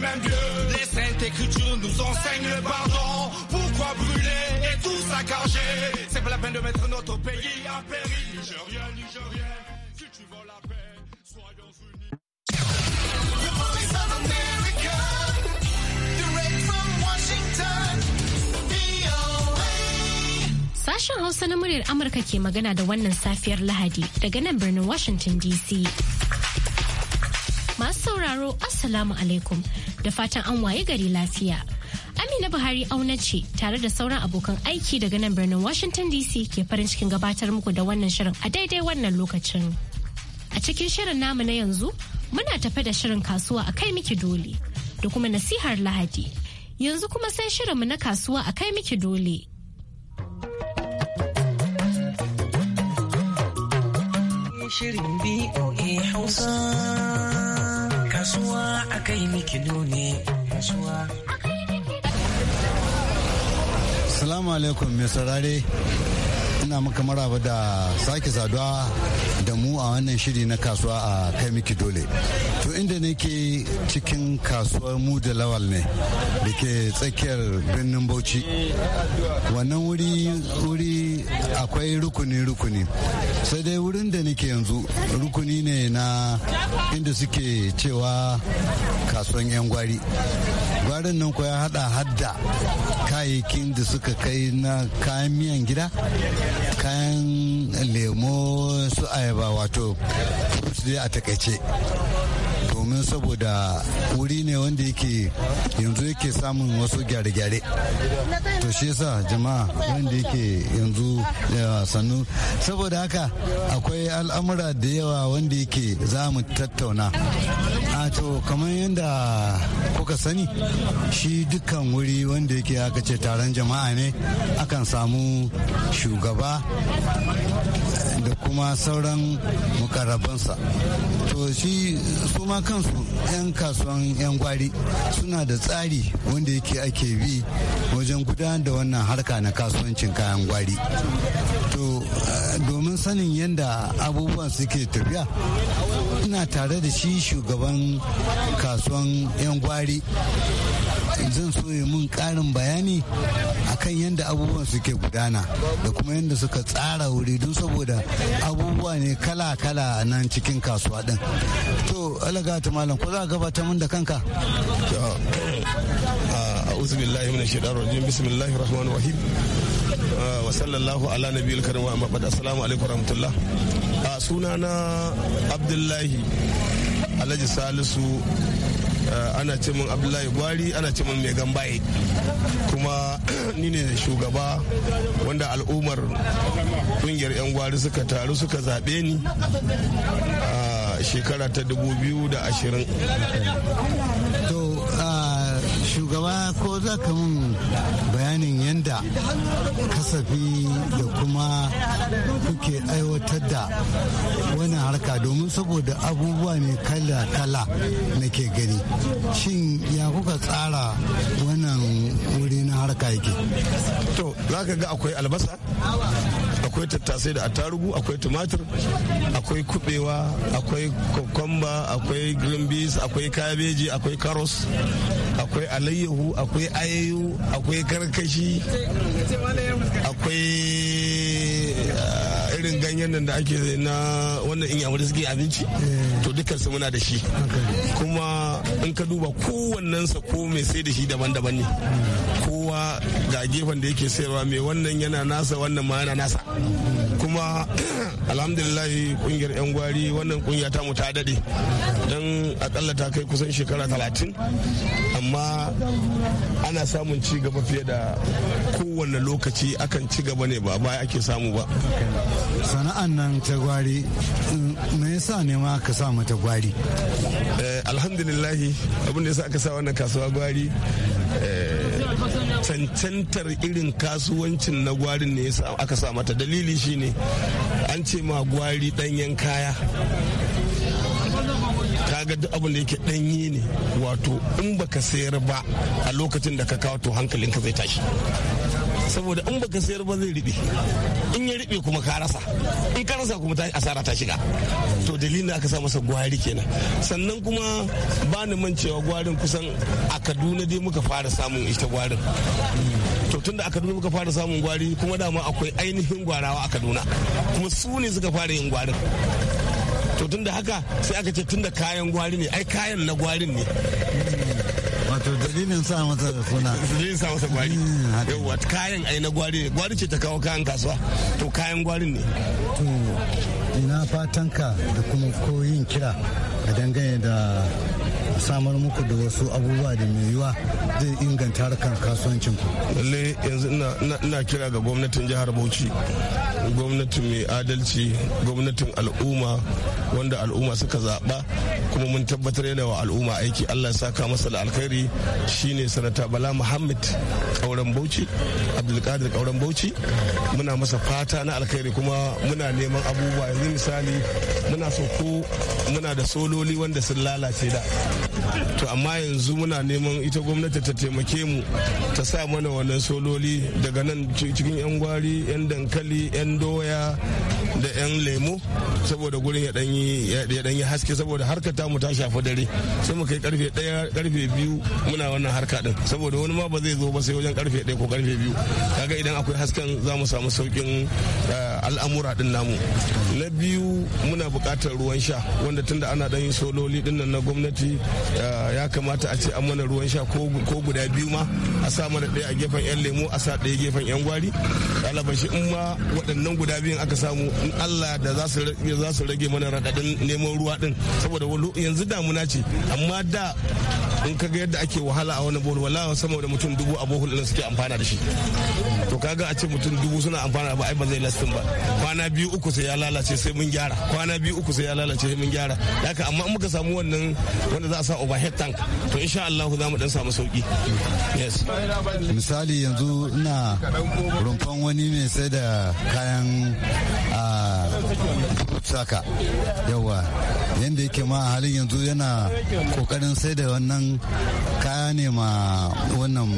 Les saintes écritures nous enseignent le pardon. Pourquoi brûler et tout saccager C'est pas la peine de mettre notre pays à péril. je reviens si tu veux la paix, soyons unis. The America, direct from Washington. Sashen Hausa na muryar Amurka ke magana da wannan safiyar Lahadi daga nan birnin Washington DC. sauraro Assalamu alaikum da fatan an waye gari lafiya. Amina Buhari auna ce tare da sauran abokan aiki daga nan birnin Washington DC ke farin cikin gabatar muku da wannan shirin a daidai wannan lokacin. A cikin shirin namu na yanzu muna tafe da shirin kasuwa a kai miki dole da kuma nasihar Lahadi. Yanzu kuma sai shirinmu na kasuwa a kai miki dole. Shirin BOA Hausa. rasuwa a kai miki nuni Assalamu alaikum mai saurare ina maka maraba da sake saduwa da mu a wannan shiri na kasuwa a kai miki dole to inda nake cikin kasuwar mu da lawal ne da ke tsakiyar birnin bauchi wannan wuri wuri akwai rukuni rukuni sai dai wurin da nake yanzu rukuni ne na inda suke cewa kasuwar yan gwari gwarin nan ko ya hada hadda kayayyakin da suka kai na kayan miyan gida kayan lemo su ayaba wato su a takaice domin saboda wuri ne wanda yake yanzu yake samun wasu gyare-gyare to shi yasa jama'a wanda yake yanzu sannu saboda haka akwai al'amura da yawa wanda yake za mu tattauna a to kamar yadda kuka sani shi dukkan wuri wanda yake aka ce taron jama'a ne akan samu shugaba da kuma sauran mukarrabansa to shi su ma kansu 'yan kasuwan 'yan gwari suna da tsari wanda yake ake bi wajen gudanar da wannan harka na kasuwancin kayan gwari to domin sanin yadda abubuwan suke tafiya ina tare da shi shugaban kasuwan 'yan gwari zan so ya mun karin bayani akan yadda abubuwan suke gudana da kuma yadda suka tsara wuri don saboda abubuwa ne kala-kala a nan cikin kasuwa din to alagata malam ko za ka gabata mun da kanka a'udhu billahi minash shaitanir rajim bismillahir rahmanir rahim wa sallallahu ala nabiyil karim wa amma assalamu alaikum warahmatullah sunana abdullahi alhaji salisu Eh, ana ce min abdullahi gwari ana ce min mai gambaye kuma ni ne shugaba wanda al'ummar kungiyar 'yan gwari suka taru suka zaɓe ni a shekara ta 2020 shugaba ko za ka mun bayanin yadda kasafi da kuma kuke aiwatar da wani harka domin saboda abubuwa ne kala-kala na ke gani shin ya kuka tsara wannan wuri na harka yake to za ka ga akwai albasa akwai tattasai da attarugu akwai tumatir akwai kubewa akwai kokomba akwai green beans akwai kabeji akwai karos akwai alayyahu akwai ayayu akwai karkashi akwai ah, irin ganyen nan da ake na wannan in suke abinci to dukkan su muna da shi kuma in ka duba kowannensa ko mai sai da shi daban-daban ne kowa ga gefen da yake sayarwa mai wannan yana nasa wannan ma yana nasa kuma alhamdulillah kungiyar yan gwari wannan kungiya ta mu ta dade don akalla ta kai kusan shekara talatin amma ana samun ci gaba fiye da kowane lokaci akan ci gaba ne ba baya ake samu ba sana'an nan ta gwari me yasa ne ma ka sa mata gwari eh, alhamdulillah abin da yasa aka sa wannan kasuwa gwari eh, cancantar irin kasuwancin na gwarin ne aka sa mata dalili shine an ce ma gwari ɗanyen kaya kaga duk abin da yake ɗanye ne wato in baka sayar ba a lokacin da ka kawo to hankalinka zai tashi saboda in baka sayar ba zai riɓe in ya riɓe kuma ka rasa in ka rasa kuma asara ta shiga to dalilin da aka sa masa gwari kenan sannan kuma ba ni man cewa gwarin kusan a kaduna dai muka fara samun ita gwarin to tun da a kaduna muka fara samun gwari kuma dama akwai ainihin gwarawa a kaduna kuma su ne suka fara yin gwarin to tun da haka sai aka ce tun da kayan gwari ne ai kayan na gwarin ne wato dalilin sa masa kuna dalilin sa masa gwari hmm, yawa kayan ai na gwari ne gwari ce ta kawo kayan kasuwa to kayan gwarin ne to ina fatanka da kuma koyin kira a dangane da samar muku da wasu abubuwa da mai yiwa zai inganta harkar kasuwancin ku. Lalle yanzu ina kira ga gwamnatin jihar Bauchi, gwamnatin mai adalci, gwamnatin al'umma wanda al'umma suka zaɓa kuma mun tabbatar yana wa al'umma aiki Allah ya saka masa da alkhairi shine sanata Bala Muhammad ƙauren Bauchi, Abdulkadir ƙauren Bauchi. Muna masa fata na alkhairi kuma muna neman abubuwa yanzu misali muna so ko muna da solo matsaloli wanda sun lalace da to amma yanzu muna neman ita gwamnati ta taimake mu ta sa mana wannan sololi daga nan cikin yan gwari yan dankali yan doya da yan lemo saboda gurin ya danyi haske saboda harkar ta mu ta shafi dare sai mu kai karfe 1 karfe 2 muna wannan harka din saboda wani ma ba zai zo ba sai wajen karfe 1 ko karfe biyu kaga idan akwai hasken za mu samu saukin eh, al'amura din namu na biyu muna bukatar ruwan sha wanda tunda ana dan waɗannan sololi ɗin na gwamnati ya kamata a ce an mana ruwan sha ko guda biyu ma a sa mana ɗaya a gefen 'yan lemu a sa ɗaya gefen 'yan gwari shi in ma waɗannan guda biyun aka samu in allah da za su rage mana raɗaɗin neman ruwa ɗin saboda yanzu damuna ce amma da in ka ga yadda ake wahala a wani bohol wala sama da mutum dubu a bohol ɗin suke amfana da shi to kaga a ce mutum dubu suna amfana ba ai ba zai lastin ba kwana biyu uku sai ya lalace sai mun gyara kwana biyu uku sai ya lalace sai mun gyara haka amma in muka samu wannan wanda za a sa overhead tank to insha Allah za mu dan samu sauki yes misali yanzu ina rumfan wani mai sai da kayan ah, saka yawa yadda yake ma halin yanzu yana kokarin sai da wannan kaya ne ma wannan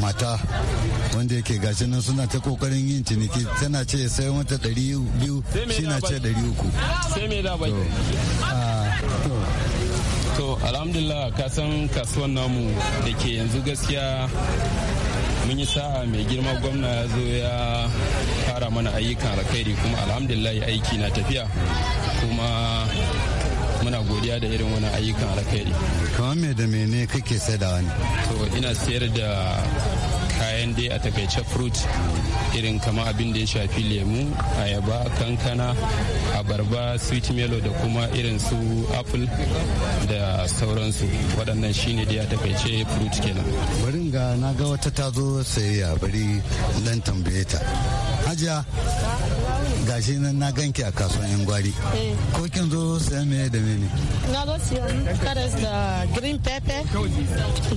mata wanda yake gashi nan suna ta kokarin yin ciniki tana ce sai mata ɗari biyu shi na ce ɗari uku ah, to alhamdulillah ka san kasuwan namu da ke yanzu gaskiya mun yi sa'a mai girma gwamna ya zo ya fara mana ayyukan alkhairi kuma alhamdulillah aiki na tafiya kuma muna godiya da irin wani ayyukan alkhairi kamar me da mene kake da ne to ina sayar da kayan dai a takaice fruit irin kama abin da ya shafi lemu ayaba kankana abarba sweet melo da kuma irin su apple da sauransu waɗannan shine dai a takaice fruit kenan bari ga na ga wata ta zo ya bari nan tambaye ta hajiya gashi nan na ganki a kasuwan yan gwari eh. ko kin zo sayan me da me ne na zo siyan karas da green pepper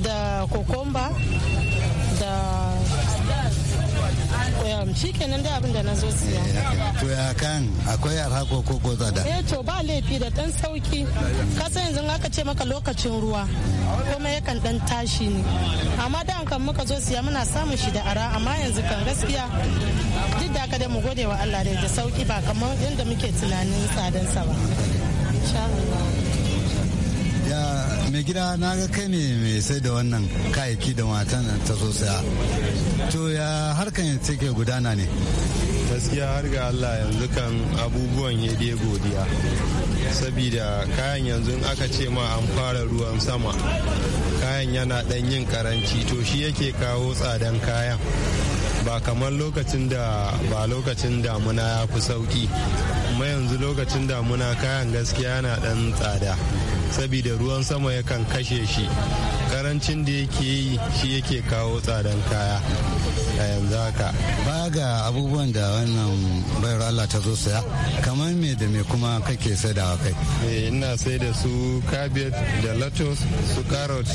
da cucumber koya shi kenan da abin da na zo siya eh, to ya kan akwai arha ko ko tsada eh to ba laifi da dan sauki kasa yanzu aka ce maka lokacin ruwa kuma yakan dan tashi ne amma da kan muka zo siya muna samun shi da ara amma yanzu kan gaskiya duk da ka da mu gode wa Allah da sauki ba kamar yanda muke tunanin tsadansa ba insha Allah mai gida na ga kai ne mai sai da wannan kayayyaki da matan ta so saya to ya harkan take gudana ne gaskiya har ga allah yanzu kan abubuwan ya dai godiya sabida kayan yanzu aka ce ma an fara ruwan sama kayan yana dan yin karanci to shi yake kawo tsadan kayan ba kamar lokacin da ba lokacin damuna ya fi sauki kuma yanzu lokacin damuna kayan gaskiya yana dan tsada saboda ruwan sama yakan kashe shi karancin da yake yi shi yake kawo tsadan kaya a yanzu haka baya ga abubuwan da wannan bayar Allah ta zo saya kamar me da me kuma kake da kai eh, ina sai da su cabbage da lettuce su carrot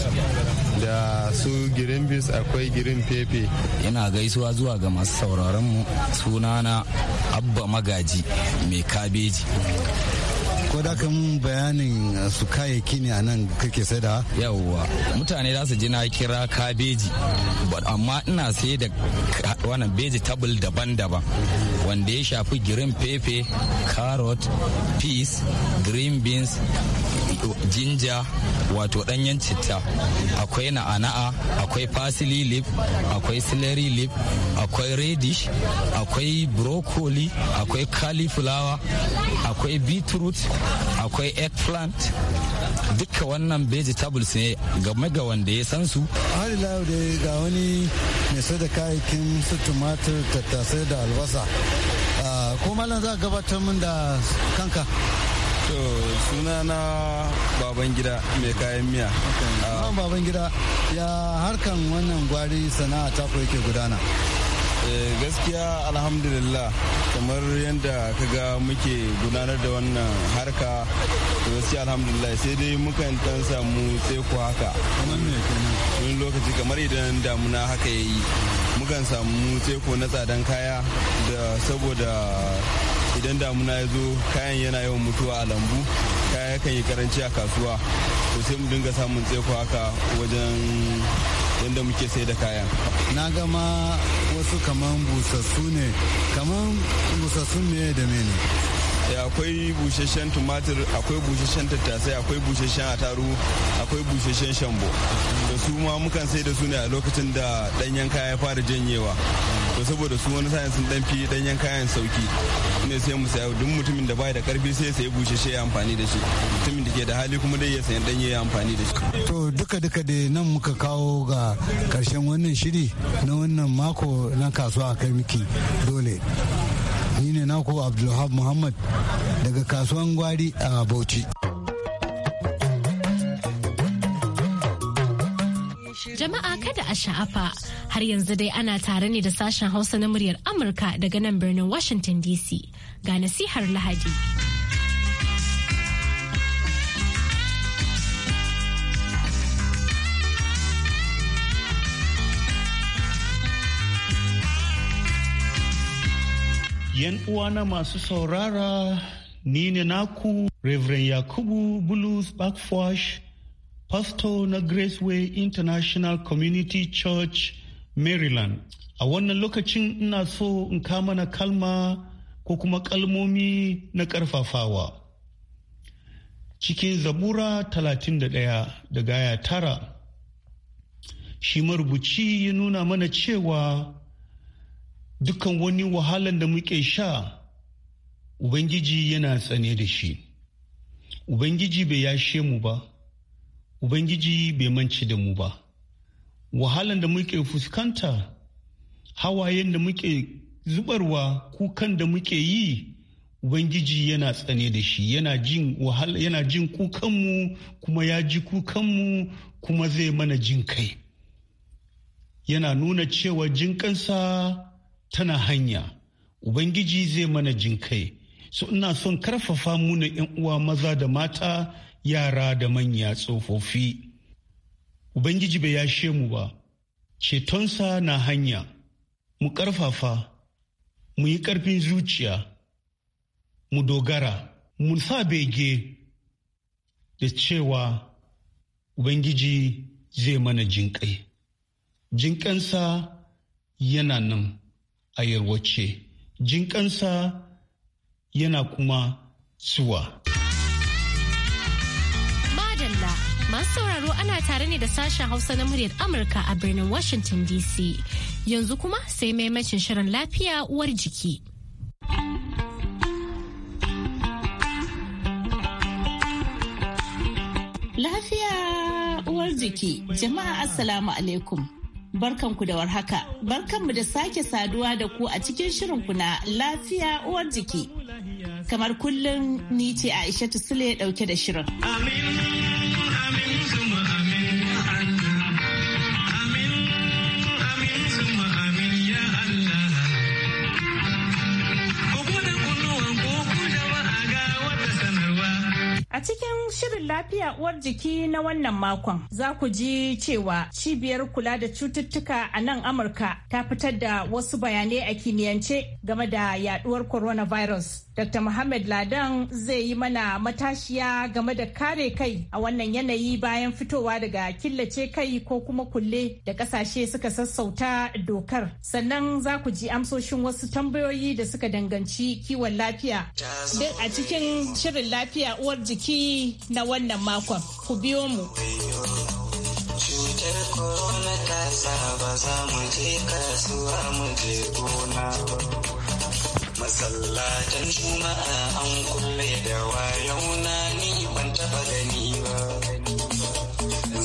da su green beans akwai green pepe ina gaisuwa zuwa ga masu sauraron mu sunana abba magaji mai kabeji ko da ka bayanin uh, su kayayyaki ne a nan kake saida yawwa mutane za su ji na kira kabeji amma ina sai da wannan tabul daban-daban wanda ya shafi green pepe carrot peas green beans ginger, wato danyen citta akwai na'ana'a akwai parsley leaf akwai celery leaf akwai radish akwai broccoli akwai cauliflower akwai beetroot akwai eggplant duka wannan vegetables ne game ga wanda ya san su har ila ga wani mai sai da kayayyakin su tumatir tattasai da albasa ah, ko malam za gabatar min da kanka to suna na baban gida mai kayan miya ah. baban gida ya harkan wannan gwari sana'a ta yake gudana Eh, gaskiya alhamdulillah kamar yadda ka ga muke gudanar da wannan harka gaskiya alhamdulillah sai dai mukan dan samu tseko haka wani lokaci kamar idan damuna haka ya yi mukan samu tseko na tsadan kaya da saboda idan damuna ya zo kayan yana yawan mutuwa a lambu kaya yakan yi karanci a kasuwa to sai mu dinga samun tseko haka wajen inda muke sai da kaya na gama wasu kaman busassu ne kaman busassu ne da eh, mene akwai busasshen tumatir akwai busasshen tattasai akwai busasshen ataru akwai busasshen shambo da su ma mukan sai da su ne a lokacin da danyen kaya ya fara janyewa to saboda su wani sa'in sun dan fi danyen kayan sauki ne sai mu saya duk mutumin da bai da karfi sai sai bushe shi ya amfani da shi mutumin da ke da hali kuma dai ya sayan danye ya amfani da shi to duka duka da nan muka kawo ga karshen wannan shiri na wannan mako na kasuwa kai miki dole ni ne naku abdulhab muhammad daga kasuwan gwari a bauchi Jama'a kada a sha'afa har yanzu dai ana tare ne da sashen Hausa na muryar Amurka daga nan birnin Washington DC ga nasihar Lahadi. Yan uwana masu saurara ni ne naku Reverend Yakubu Bulus Backfash pastor na Graceway International Community Church Maryland. A wannan lokacin ina so in kama na kalma ko kuma kalmomi na karfafawa. Cikin Zabura 31 da gaya tara, shi marubuci ya nuna mana cewa dukan wani wahalan da muke sha, Ubangiji yana tsane da shi. Ubangiji bai yashe mu ba. Ubangiji bai mance da mu ba. Wahalan da muke fuskanta, hawayen da muke zubarwa, kukan da muke yi, Ubangiji yana tsane da shi, yana jin kukanmu kuma ya ji kukanmu kuma zai mana jin kai. Yana nuna cewa jinkansa tana hanya, Ubangiji zai mana jin kai. So ina son karfafa muna 'yan uwa maza da mata yara da manya tsofaffi. Ubangiji bai yashe mu ba, cetonsa na hanya, mu ƙarfafa, mu yi ƙarfin zuciya, mu dogara, mu sa bege da cewa Ubangiji zai mana jinƙai. Jinƙansa yana nan a yarwace, jinƙansa yana kuma suwa. Masu sauraro ana tare ne da sashen Hausa na muryar Amurka a birnin Washington DC. Yanzu kuma sai maimacin shirin lafiya uwar jiki. Lafiya uwar jiki, jama'a Assalamu alaikum. Barkanku da warhaka, barkanmu da sake saduwa da ku a cikin shirinku na lafiya uwar jiki. Kamar kullum ni ce Aisha Sule dauke da shirin. A cikin shirin lafiya uwar jiki na wannan makon za ku ji cewa cibiyar kula da cututtuka a nan Amurka ta fitar da wasu bayanai a kimiyance game da yaduwar coronavirus. Dr. Muhammad Ladan zai yi mana matashiya game da kare kai a wannan yanayi bayan fitowa daga killace kai ko kuma kulle da kasashe suka sassauta dokar. Sannan za ku ji amsoshin wasu tambayoyi da suka danganci kiwon lafiya. Duk a cikin shirin lafiya uwar jiki na wannan makon. Ku biyo mu. Cutar ta mu je kasuwa mu je gona masallatan juma'a an kulle da wayo na ni ban taba gani ba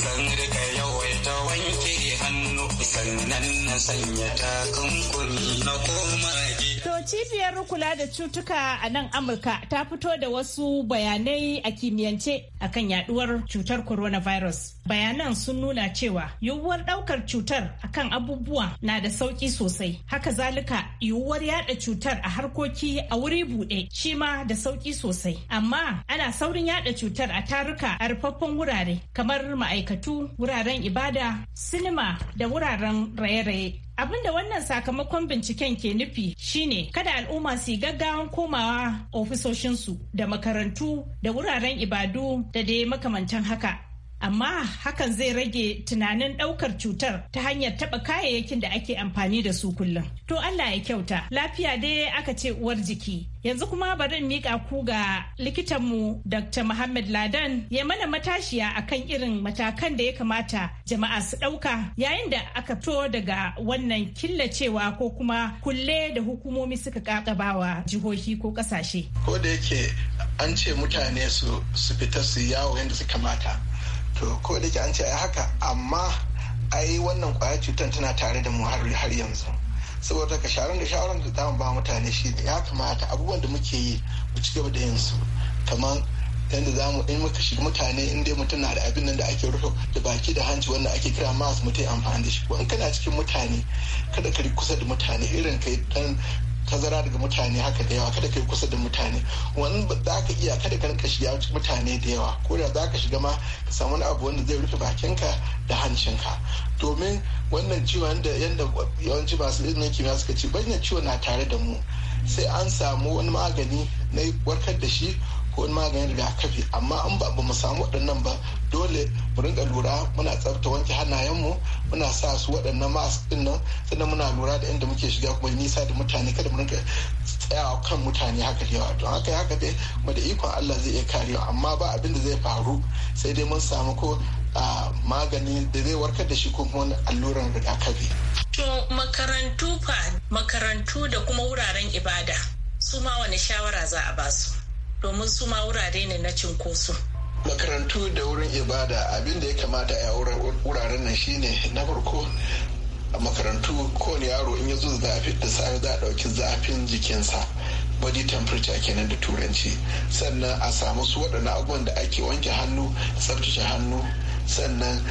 zan rika yawaita wanke hannu sannan na sanya takunkumi na koma gida To cibiyar kula da cutuka a nan Amurka ta fito da wasu bayanai a kimiyyance akan yaduwar cutar coronavirus. Bayanan sun nuna cewa yiwuwar daukar cutar akan abubuwa na da sauki sosai. Haka zalika yiwuwar yada cutar a harkoki a wuri bude shi ma da sauki sosai. Amma ana saurin yada cutar a taruka a rufaffen wurare kamar ma'aikatu, wuraren ibada, sinima da wuraren raye-raye. Abin da wannan sakamakon binciken ke nufi shine kada al'umma su yi gaggawan komawa ofisoshinsu da makarantu da wuraren ibadu da dai makamantan haka amma hakan zai rage tunanin ɗaukar cutar ta hanyar taɓa kayayyakin da ake amfani da su kullum. To Allah ya kyauta, lafiya dai aka ce uwar jiki. Yanzu kuma bari in miƙa ku ga likitanmu Dr. Muhammad Ladan ya mana matashiya akan irin matakan da ya kamata jama'a su ɗauka yayin da aka to daga wannan killacewa ko kuma kulle da hukumomi suka ƙaƙabawa jihohi ko ƙasashe. Ko da yake an ce mutane su fita su yawo yadda su kamata. to ko da ke an ce a haka amma ai wannan kwayar cutar tana tare da mu har yanzu saboda ka sharon da shawaran da zamu ba mutane shi ya kamata abubuwan da muke yi mu ci gaba da yin su kamar yadda za mu in muka shiga mutane in dai mutum na da abin nan da ake rufe da baki da hanci wanda ake kira mask mutum amfani da shi ko in kana cikin mutane kada ka kusa da mutane irin kai dan tazara daga mutane haka da yawa kada yi kusa da wani za ka iya kada ka ya shiga mutane da yawa ko da za ka shiga ma ka samu wani abu wanda zai rufe bakinka da hancinka domin wannan ciwon da yadda yawanci masu ilimin kimiyya suka ce bayyana ciwon na tare da mu sai an samu wani magani na warkar da shi ko wani maganin rigakafi amma an ba mu samu waɗannan ba dole mu rinka lura muna tsafta wanke hannayenmu muna sa su waɗannan mask din nan sannan muna lura da inda muke shiga kuma nisa da mutane kada mu rinka tsayawa kan mutane haka da yawa don haka haka dai kuma da ikon Allah zai iya karewa amma ba abin da zai faru sai dai mun samu ko magani da zai warkar da shi ko kuma alluran rigakafi. To makarantu fa makarantu da kuma wuraren ibada su ma wani shawara za a basu. domin su ma wurare ne na cinkoso. makarantu da wurin ibada abin da ya kamata a wuraren nan shine na farko a makarantu kowane yaro in ya zo zafi da safe za a ɗauki zafin jikinsa body temperature kenan da turanci sannan a samu su waɗanda abubuwan da ake wanke hannu tsabtace hannu sannan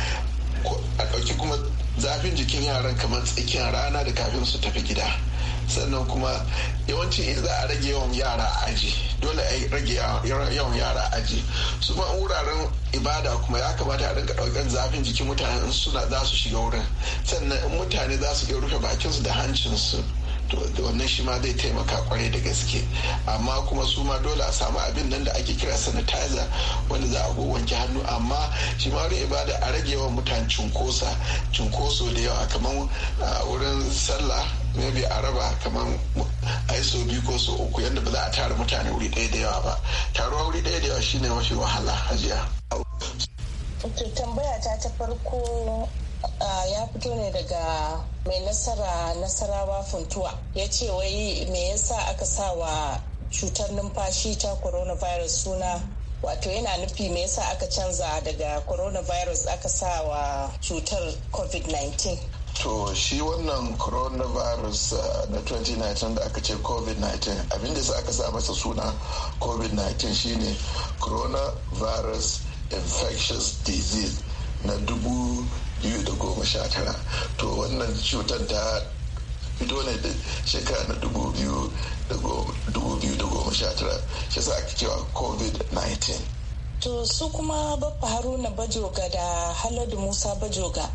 a ɗauki kuma zafin jikin yaran kamar tsakiyar rana da kafin su tafi gida sannan kuma yawanci za a rage yawan yara a aji dole a rage yawan yara a aji su ma wuraren ibada kuma ya kamata a rinka ɗaukar zafin jikin mutane in suna za su shiga wurin sannan in mutane za su iya rufe bakinsu da hancinsu wannan shi ma zai taimaka kwarai da gaske amma kuma su ma dole a samu abin nan da ake kira sanitizer wanda za a wanke hannu amma shi ma ba ibada a rage yawan mutane cunkosa cunkoso da yawa kamar wurin sallah maybe a raba kamar a yi biyu ko so uku yadda ba za a tara mutane wuri ɗaya da yawa ba taruwa wuri ɗaya da yawa shine mafi wahala hajiya. tambaya ta ta farko fito ne daga mai nasara nasarawa funtuwa ya ce wai me yasa aka sa wa cutar numfashi ta coronavirus suna wato yana nufi me yasa aka canza daga coronavirus aka sa wa cutar covid-19 To shi wannan coronavirus uh, na 2019 da aka ce COVID-19 abinda su aka sa masa suna COVID-19 shine coronavirus infectious disease na dubu biyu da goma sha tara to wannan cutar ta fito ne da shekara na dubu biyu da goma sha tara shi sa ake cewa covid-19 to su kuma babba haruna bajoga da haladu musa bajoga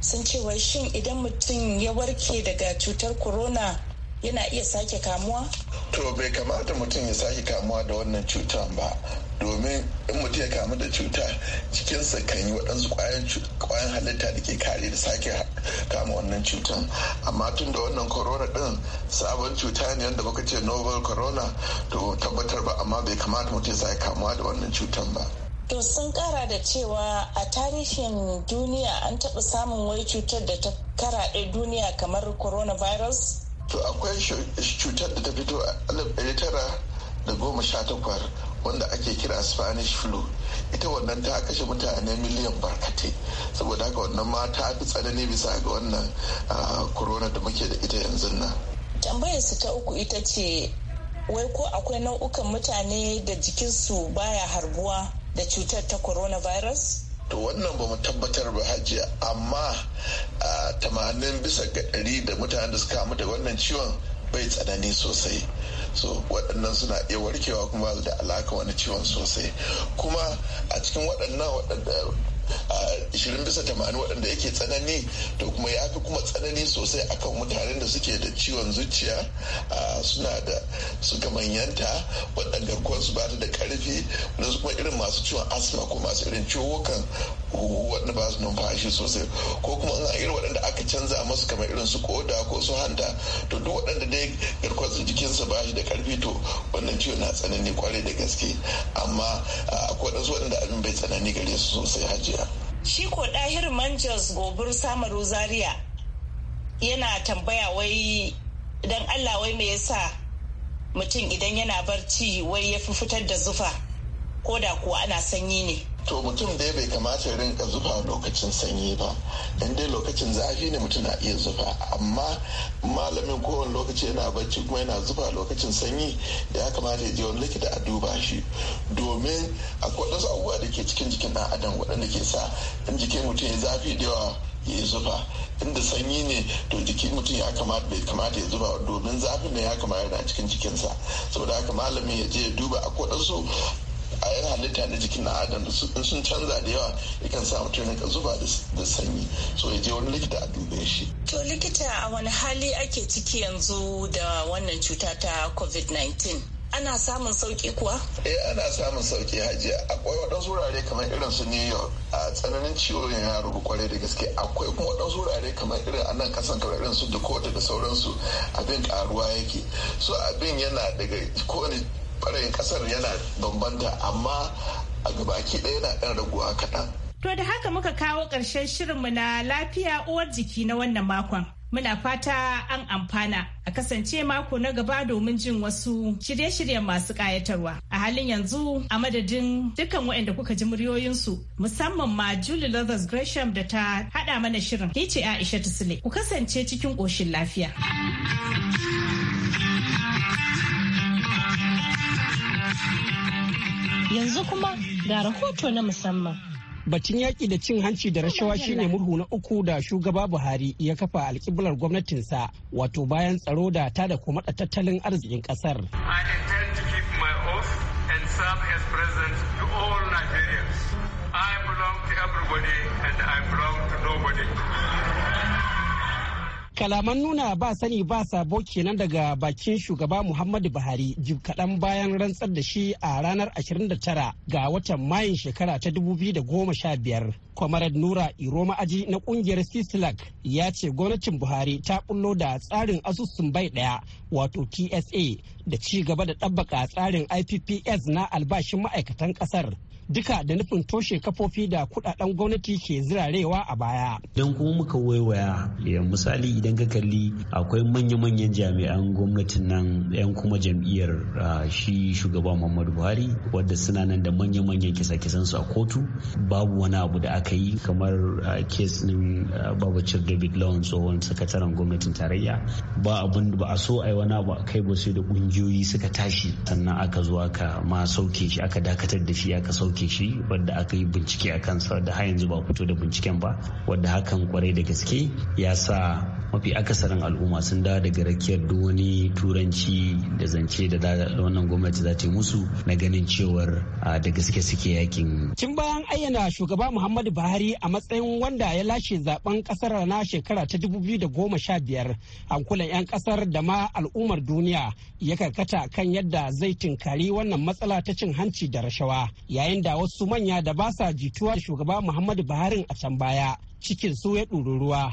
sun ce wai shin idan mutum ya warke daga cutar corona yana iya sake kamuwa to bai kamata mutum ya sake kamuwa da wannan cutar ba domin in mutum ya kamu da cuta cikinsa kan yi waɗansu ƙwayan halitta da ke kare da sake kama wannan cutan amma tun da wannan corona din sabon cuta ne wanda muka ce novel corona to tabbatar ba amma bai kamata mutum ya sake kamuwa da wannan cutan ba. To sun kara da cewa a tarihin duniya an taɓa samun wai cutar da ta karaɗe duniya kamar coronavirus? To akwai cutar da ta fito a alif tara da goma sha takwar wanda ake kira spanish flu ita wannan ta kashe mutane miliyan barkate saboda haka wannan ma ta fi tsanani bisa ga wannan ah, corona da muke da ita yanzu nan tambayar su ta uku ita ce wai ko akwai nau'ukan mutane da jikinsu baya harbuwa da cutar ta coronavirus? to wannan ba mu tabbatar ba hajiya amma a ah, tamanin bisa ga ɗari da mutanen da suka mutu wannan ciwon bai tsanani sosai so waɗannan suna iya warkewa kuma da alaka wani ciwon sosai kuma a cikin waɗannan bisa 80 waɗanda yake tsanani to kuma ya fi kuma tsanani sosai akan mutanen da suke da ciwon zuciya suna da suka manyanta waɗanda su ba ta da ƙarfi wanda kuma irin masu ciwon asma ko masu irin ciwukan waɗanda ba su numfashi sosai ko kuma in irin waɗanda aka canza masu kamar irin su koda ko su hanta to duk waɗanda dai garkuwar jikinsa ba shi da ƙarfi to wannan ciwon na tsanani kwarai da gaske amma akwai waɗansu waɗanda abin bai tsanani gare su sosai hajiya shi ko ɗahir manjas gobir samaru zaria yana tambaya wai don allah wai me yasa mutum idan yana barci wai ya fi fitar da zufa ko da kuwa ana sanyi ne to mutum dai bai kamata ya rinka zufa lokacin sanyi ba in dai lokacin zafi ne mutum na iya zufa amma malamin kowane lokaci yana bacci kuma yana zufa lokacin sanyi da ya kamata ya je wani likita a duba shi domin akwai wasu abubuwa da ke cikin jikin ɗan adam waɗanda ke sa in jikin mutum ya zafi da yawa ya zufa inda sanyi ne to jikin mutum ya kamata bai kamata ya zufa domin zafin da ya kamata yana cikin jikinsa saboda haka malamin ya je ya duba a wasu a yan halitta na jikin na adam in sun canza da yawa yakan sa mutum ka zuba da sanyi so ya je wani likita a dube shi to likita a wani hali ake ciki yanzu da wannan cuta ta covid-19 ana samun sauki kuwa? eh ana samun sauki hajiya akwai waɗansu wurare kamar irin su new york a tsananin ciwon ya rubu kwarai da gaske akwai kuma waɗansu wurare kamar irin a kasan kamar irin su dakota da sauransu abin karuwa yake so abin yana daga kowane kwarayin kasar yana bambanta amma a gabaki ɗaya yana ɗan raguwa kaɗan. To da haka muka kawo ƙarshen mu na lafiya uwar jiki na wannan makon. Muna fata an amfana a kasance mako na gaba domin jin wasu shirye-shiryen masu ƙayatarwa. A halin yanzu a madadin dukkan waɗanda kuka ji muryoyinsu musamman ma Julie Lovers Gresham da ta haɗa mana shirin. Ni ce Aisha Tusile. Ku kasance cikin koshin lafiya. Yanzu kuma ga rahoto na musamman. Batun yaƙi da cin hanci da rashawa shine murhu na uku da shugaba Buhari ya kafa alƙiblar gwamnatinsa wato bayan tsaro da ta da kuma tattalin arzikin ƙasar. I belong to everybody and I belong to nobody. kalaman nuna ba sani ba sabo kenan daga bakin shugaba muhammadu buhari jib kaɗan bayan rantsar da shi a ranar 29 ga watan mayun shekara ta 2015 kwamarar nura iroma aji na kungiyar sisilak ya ce gwamnatin buhari ta bullo da tsarin asusun bai ɗaya wato tsa da ci gaba da ɗabbaka tsarin ipps na albashin ma'aikatan ƙasar duka da nufin toshe kafofi da kudaden gwamnati ke zirarewa a baya. Idan kuma muka waiwaya ya eh, misali idan ka kalli akwai manya-manyan jami'an gwamnatin nan yan kuma jam'iyyar ah, shi shugaba Muhammadu Buhari wadda suna nan da manya-manyan kisa-kisan su a kotu babu wani abu da aka yi kamar kes ah, din ah, babacin David Lawan tsohon sakataren gwamnatin tarayya ba abin da ba a so a yi wani abu kai ba sai da kungiyoyi suka tashi sannan aka zo aka ma sauke shi aka dakatar da shi aka sauke wanke shi wanda aka yi bincike a kansa da har yanzu ba fito da binciken ba wadda hakan kwarai da gaske ya sa mafi akasarin al'umma sun dawo daga rakiyar wani turanci da zance da wannan gwamnati za ta musu na ganin cewar da gaske suke yakin. Tun bayan ayyana shugaba Muhammadu Buhari a matsayin wanda ya lashe zaben kasar na shekara ta da goma sha 2015 hankulan 'yan kasar da ma al'ummar duniya ya karkata kan yadda zai tinkari wannan matsala ta cin hanci da rashawa yayin da wasu manya da ba sa jituwa shugaba Muhammadu Buhari a can baya cikin su ya ɗururuwa.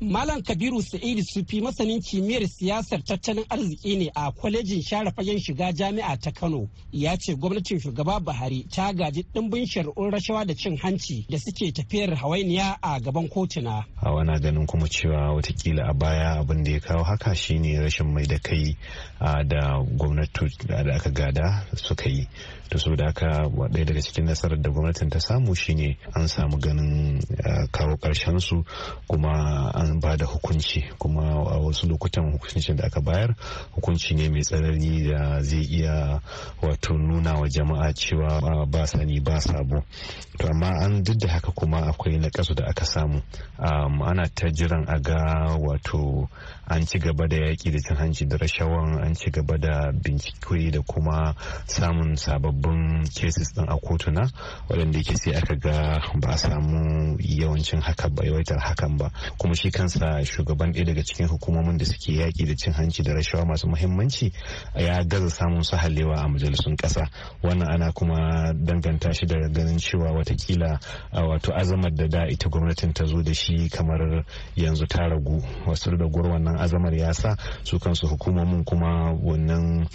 Malam Kabiru Sa'idu Sufi masanin kimiyyar siyasar tattalin arziki ne a kwalejin share fagen shiga jami'a ta Kano ya ce gwamnatin shugaba Buhari ta gaji ɗimbin shari'un rashawa da cin hanci da suke tafiyar hawainiya a gaban kotuna. A wana ganin kuma cewa watakila a baya abin da ya kawo haka shine rashin mai da kai da gwamnati da aka gada suka yi. To da haka ɗaya daga cikin nasarar da gwamnatin ta samu shine an samu ganin kawo ƙarshen su kuma an an ba da hukunci kuma a wasu lokutan hukuncin da aka bayar hukunci ne mai tsanani da zai iya wato nuna wa jama'a cewa ba sani ba sabo to amma an duk da haka kuma akwai na da aka samu ana ta jiran a ga wato an ci gaba da yaƙi da cin hanci da rashawan an ci gaba da bincike da kuma samun sababbin cases din a kotuna waɗanda yake sai aka ga ba a samu yawancin hakan ba yawaitar hakan ba kuma shi kansa shugaban ɗaya daga cikin hukumomin da suke yaƙi da cin hanci da rashawa masu muhimmanci ya gaza samun su halewa a majalisun ƙasa wannan ana kuma danganta shi da ganin cewa watakila a wato azamar da da ita gwamnatin ta zo da shi kamar yanzu ta ragu wasu da gurwan wannan azamar ya su kansu hukumomin kuma wannan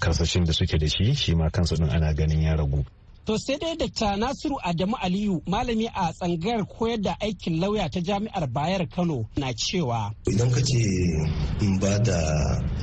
karsashin da suke da shi shi ma kansu din ana ganin ya ragu To sai dai Dr. Nasiru Adamu Aliyu malami a tsangayar koyar da aikin lauya ta jami'ar Bayar Kano na cewa. Idan ka ce in ba da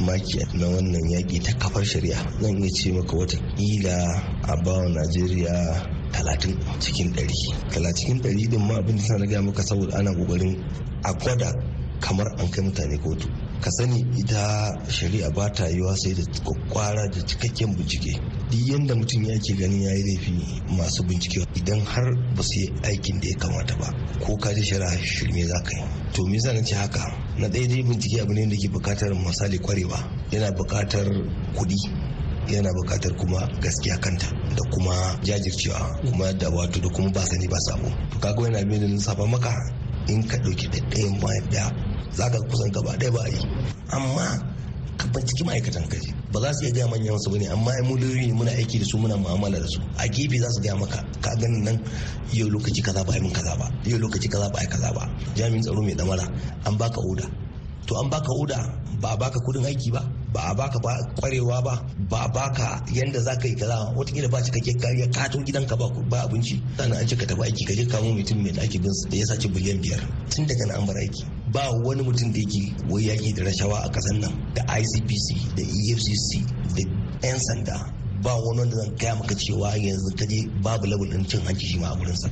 maki na wannan yaƙi ta kafar shari'a zan iya ce maka watakila a bawa Najeriya talatin cikin ɗari. Talatin cikin ɗari din ma abin da sa na gaya maka saboda ana ƙoƙarin a gwada kamar an kai mutane kotu ka sani ita shari'a ba ta yiwa sai da kwakwara da cikakken bincike duk yadda mutum ya ke ganin ya yi laifi masu bincike idan har ba su yi aikin da ya kamata ba ko ka ji shari'a shirme za ka yi to me zan ce haka na ɗaya dai bincike abu ne da ke buƙatar misali kwarewa yana bukatar kuɗi yana bukatar kuma gaskiya kanta da kuma jajircewa kuma da wato da kuma ba sani ba sabo to kaga yana bin da na maka in ka ɗauki ɗaɗɗayan bayan ɗaya za ka kusan gaba ɗaya ba a yi amma ka binciki ma'aikatan kaji ba za su iya gaya manyan su bane amma mu lori muna aiki da su muna mu'amala da su a gefe za su gaya maka ka ganin nan yau lokaci kaza ba mun kaza ba yau lokaci kaza ba ai kaza ba jami'in tsaro mai damara an baka oda to an baka oda ba a baka kudin aiki ba ba a baka kwarewa ba ba a baka yanda za ka yi kaza watakila ba cikakke kariya ka gidanka ba ba abinci sannan an ce ka tafi aiki ka je kawo mutum mai ɗaki bin da ya sace biliyan biyar tun daga na an bar aiki ba wani mutum da yake wai yaki da rashawa a ƙasar nan da icpc da efcc da 'yan sanda ba wani wanda zan kaya maka cewa yanzu ka je babu labulin cin hanci shi ma a gurinsa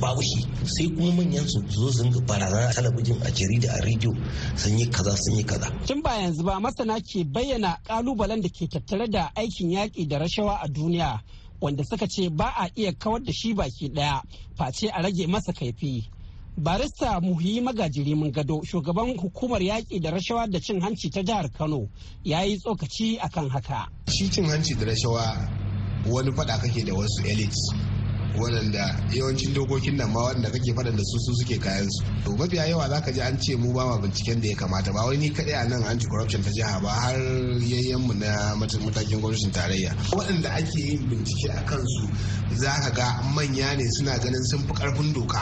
babu shi sai kuma manyan su zo sun ga barazan talabijin a jarida a rediyo sun yi kaza sun yi kaza. tun ba yanzu ba masana ke bayyana kalubalen da ke tattare da aikin yaƙi da rashawa a duniya wanda suka ce ba a iya kawar da shi baki ɗaya face a rage masa kaifi barista muhi magajiri mun gado shugaban hukumar yaƙi da rashawa da cin hanci ta jihar kano ya yi tsokaci akan haka shi cin hanci da rashawa wani fada kake da wasu elites waɗanda yawancin dokokin nan ma waɗanda kake faɗan da su suke kayan su to mafiya yawa zaka ji an ce mu ba ma binciken da ya kamata ba wai ni kaɗai a nan anti corruption ta jiha ba har yayyen mu na matakin gwamnatin tarayya waɗanda ake yin bincike a kansu za ka ga manya ne suna ganin sun fi ƙarfin doka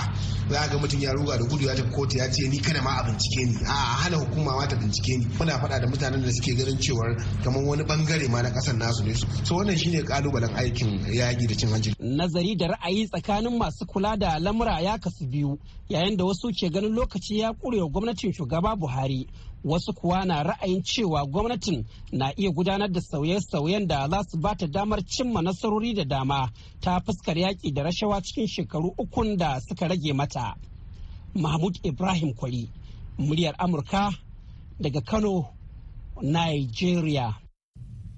za ga mutum ya ruga da gudu ya tafi kotu ya ce ni kada ma a bincike ni a hana hukuma ma ta bincike ni muna faɗa da mutanen da suke ganin cewar kamar wani bangare ma na ƙasar nasu ne su so wannan shine kalubalen aikin yaƙi da cin hanci nazari da ra'ayi tsakanin masu kula da lamura ya kasu biyu yayin da wasu ke ganin lokaci ya wa gwamnatin shugaba buhari wasu kuwa na ra'ayin cewa gwamnatin na iya gudanar da sauye-sauyen da za su ba ta damar cimma nasarori da dama ta fuskar yaƙi da rashawa cikin shekaru ukun da suka rage mata mahmud ibrahim kwari muryar amurka daga kano nigeria